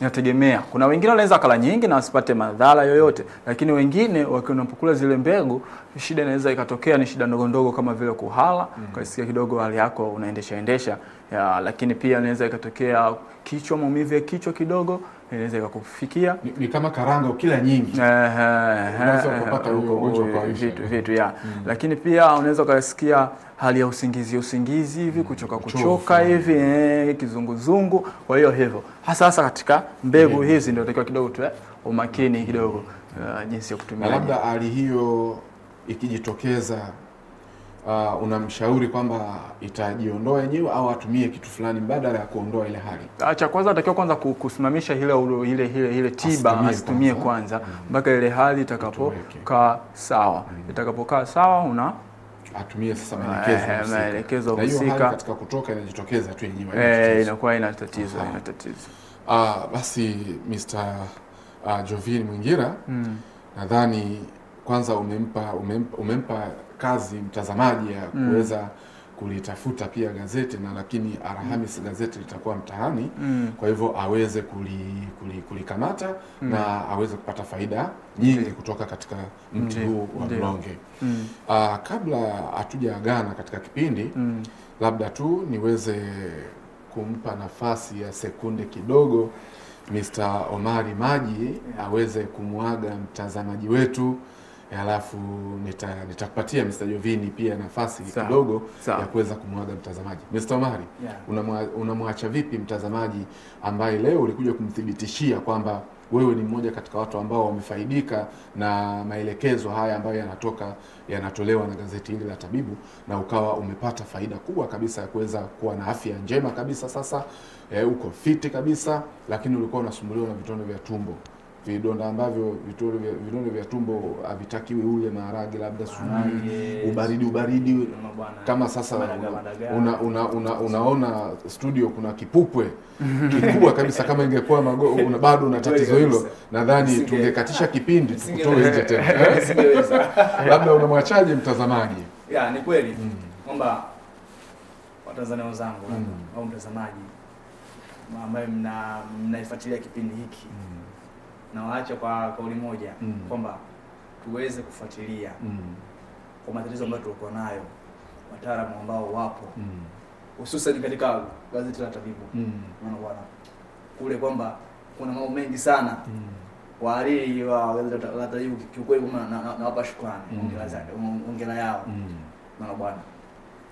inategemea. Kuna wengine wanaweza akala nyingi na wasipate madhara yoyote, lakini wengine wakinapokula zile mbegu, shida inaweza ikatokea ni shida ndogo ndogo kama vile kuhala, mm. Ukasikia kidogo hali yako unaendesha endesha ya, lakini pia inaweza ikatokea kichwa, maumivu ya kichwa kidogo inaweza ikakufikia. Ni, ni kama karanga ukila nyingi unaweza kupata ugonjwa kwa vitu vitu ya mm. Lakini pia unaweza ukasikia hali ya usingizi usingizi hivi mm. kuchoka kuchoka hivi eh, kizunguzungu. Kwa hiyo hivyo hasa hasa katika mbegu yeah. Hizi ndio takiwa kidogo tu umakini kidogo, uh, jinsi ya kutumia. Labda hali hiyo ikijitokeza uh, unamshauri kwamba itajiondoa yenyewe au atumie kitu fulani mbadala ya kuondoa ile hali? Ah, cha kwanza natakiwa kwanza kusimamisha ile ile ile, ile tiba asitumie kwanza mm. mpaka ile hali itakapokaa sawa. Mm. Itakapokaa sawa una atumie sasa eh, maelekezo husika. Katika kutoka inajitokeza tu yenyewe, Eh, inakuwa ina tatizo, ina tatizo. Ah, basi Mr. uh, ah, Jovin Mwingira mm. nadhani kwanza umempa umempa, umempa kazi mtazamaji ya mm. kuweza mm. kulitafuta pia gazeti na lakini Alhamis mm. gazeti litakuwa mtahani mm. kwa hivyo aweze kulikamata kuli, kuli, mm. na aweze kupata faida nyingi kutoka katika mti huu wa mlonge mm. Uh, kabla hatujaagana katika kipindi mm. labda tu niweze kumpa nafasi ya sekunde kidogo Mr. Omari Maji aweze kumwaga mtazamaji wetu Eh, halafu nita nitakupatia Mr. Jovini pia nafasi kidogo ya kuweza kumwaga mtazamaji. Mr. Omari, yeah. unamwacha una vipi mtazamaji ambaye leo ulikuja kumthibitishia kwamba wewe ni mmoja katika watu ambao wamefaidika na maelekezo haya ambayo yanatoka yanatolewa na gazeti hili la Tabibu, na ukawa umepata faida kubwa kabisa ya kuweza kuwa na afya njema kabisa sasa, e, uko fiti kabisa, lakini ulikuwa unasumbuliwa na vitondo vya tumbo vidonda ambavyo vidonda vya tumbo havitakiwi ule maharage labda sumari ubaridi ubaridi kama sasa una, una, una, unaona studio kuna kipupwe kikubwa kabisa kama ingekuwa mago, una, bado una tatizo hilo nadhani tungekatisha kipindi tukutoe nje tena labda unamwachaje mtazamaji ya ni kweli mm. kwamba watanzania wenzangu mm. au mtazamaji ambaye mnaifuatilia mna kipindi hiki mm nawaacha kwa kauli moja mm. kwamba tuweze kufuatilia mm. kwa matatizo ambayo tulikuwa nayo, wataalamu ambao wapo mm. hususan mm. katika gazeti la Tabibu mm. bwana kule kwamba kuna mambo mengi sana mm. wahariri wa gazeti la Tabibu kiukweli, nawapa shukrani mm. ongera yao maana mm. bwana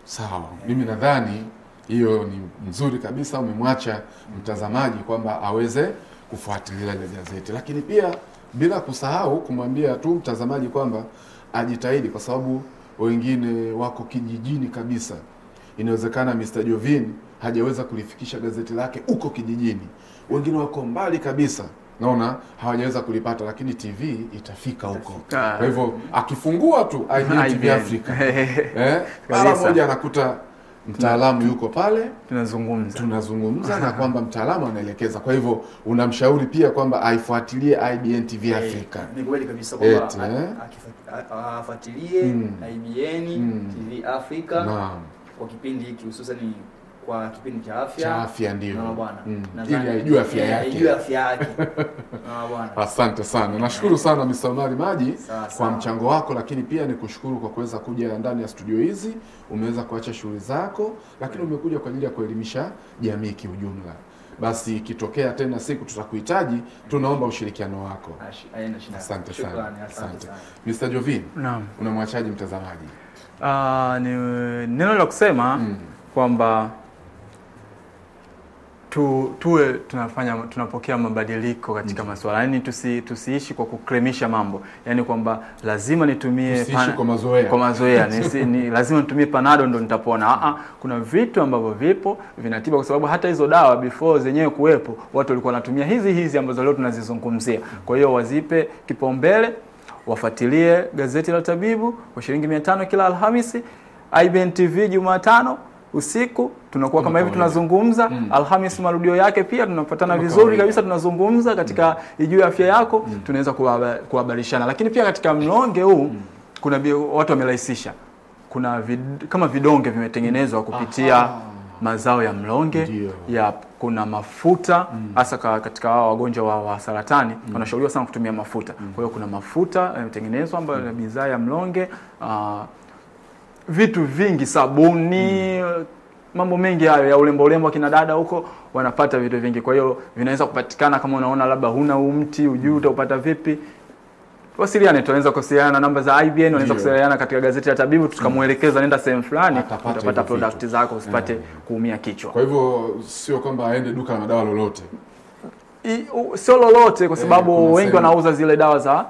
sawa yeah. mimi nadhani hiyo ni nzuri kabisa, umemwacha mtazamaji kwamba aweze kufuatilia gazeti, lakini pia bila kusahau kumwambia tu mtazamaji kwamba ajitahidi, kwa sababu wengine wako kijijini kabisa. Inawezekana Mr. Jovin hajaweza kulifikisha gazeti lake huko kijijini, wengine wako mbali kabisa naona hawajaweza kulipata, lakini TV itafika huko. Kwa hivyo akifungua tu ITV Africa eh, mara moja anakuta mtaalamu yuko pale, tunazungumza tunazungumza na kwamba mtaalamu anaelekeza. Kwa hivyo unamshauri pia kwamba aifuatilie IBN TV hey, eh, Africa. Ni kweli kabisa kwamba eh? afuatilie mm. IBN TV mm. Africa kwa kipindi hiki hususan kwa kipindi cha afya cha afya ndio bwana mm. ili ajue afya yake ajue afya yake bwana asante sana nashukuru sana Mr. Maji sa, kwa mchango wako lakini pia ni kushukuru kwa kuweza kuja ndani ya studio hizi umeweza kuacha shughuli zako lakini yeah. umekuja kwa ajili ya kuelimisha jamii kiujumla basi ikitokea tena siku tutakuhitaji tunaomba ushirikiano wako asante sana asante Mr. Jovin unamwachaji mtazamaji uh, ni neno la kusema mm. kwamba tu, tuwe tunafanya tunapokea mabadiliko katika mm. masuala yani, tusi, tusiishi kwa kukremisha mambo yani kwamba lazima nitumie pan... kwa mazoea, kwa mazoea. Nisi, ni, lazima nitumie panado ndo nitapona. Aa, kuna vitu ambavyo vipo vinatiba, kwa sababu hata hizo dawa before zenyewe kuwepo watu walikuwa wanatumia hizi hizi ambazo leo tunazizungumzia. Kwa hiyo wazipe kipaumbele, wafuatilie gazeti la tabibu kwa shilingi 500 kila Alhamisi, IBN TV Jumatano usiku tunakuwa kama hivi tunazungumza mm. Alhamis marudio yake pia tunapatana vizuri kabisa, tunazungumza katika mm. ya Afya Yako mm. tunaweza kuhabarishana, lakini pia katika mlonge huu mm. kuna watu wamerahisisha, kuna vid, kama vidonge vimetengenezwa kupitia Aha. mazao ya mlonge ya kuna mafuta mm. hasa mm. katika hao wagonjwa wa, wa saratani mm. wanashauriwa sana kutumia mafuta mm. kwa hiyo kuna mafuta yametengenezwa ambayo mm. bidhaa ya mlonge uh, vitu vingi, sabuni mm. mambo mengi hayo ya urembo urembo, akina dada huko wanapata vitu vingi, kwa hiyo vinaweza kupatikana. Kama unaona labda huna huu mti, ujui mm. utaupata vipi, wasiliane. Tunaweza kuwasiliana na namba za IBN, unaweza kuwasiliana katika gazeti la Tabibu, tukamwelekeza mm. nenda sehemu fulani, utapata product zako, usipate yeah. Mm. kuumia kichwa. Kwa hivyo sio kwamba aende duka la madawa lolote sio lolote, kwa eh, sababu wengi wanauza zile dawa za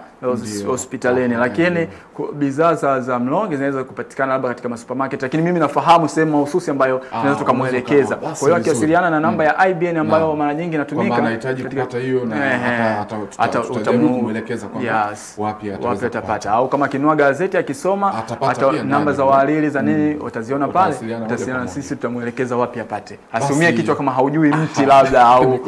hospitalini, lakini bidhaa za za mlonge zinaweza kupatikana labda katika masupermarket, lakini mimi nafahamu sehemu mahususi ambayo tunaweza ah, tukamwelekeza. Kwa hiyo akiwasiliana na namba ya hmm. IBN ambayo mara nyingi inatumika, anahitaji kupata hiyo na hata hata kumwelekeza kwa wapi wapi atapata, au kama kinua gazeti akisoma hata namba za wahariri za nini hmm. utaziona pale, utasiliana na sisi, tutamuelekeza wapi apate. Asiumie kichwa kama haujui mti labda au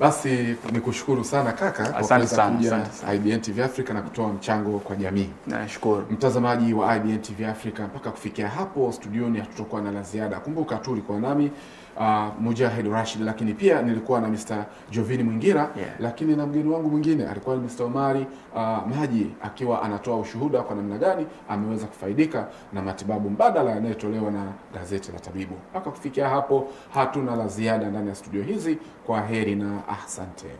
Basi nikushukuru sana kaka, kwa kuweza kuja IBN TV Africa na kutoa mchango kwa jamii. Nashukuru mtazamaji wa IBN TV Africa. Mpaka kufikia hapo studioni, hatutokuwa na la ziada. Kumbuka tu ulikuwa nami uh, Mujahid Rashid, lakini pia nilikuwa na Mr. Jovini Mwingira yeah. Lakini na mgeni wangu mwingine alikuwa ni Mr. Omari uh, ah, Maji akiwa anatoa ushuhuda kwa namna gani ameweza kufaidika na matibabu mbadala yanayotolewa na gazeti la Tabibu. Mpaka kufikia hapo hatuna la ziada ndani ya studio hizi. Kwa heri na ahsante.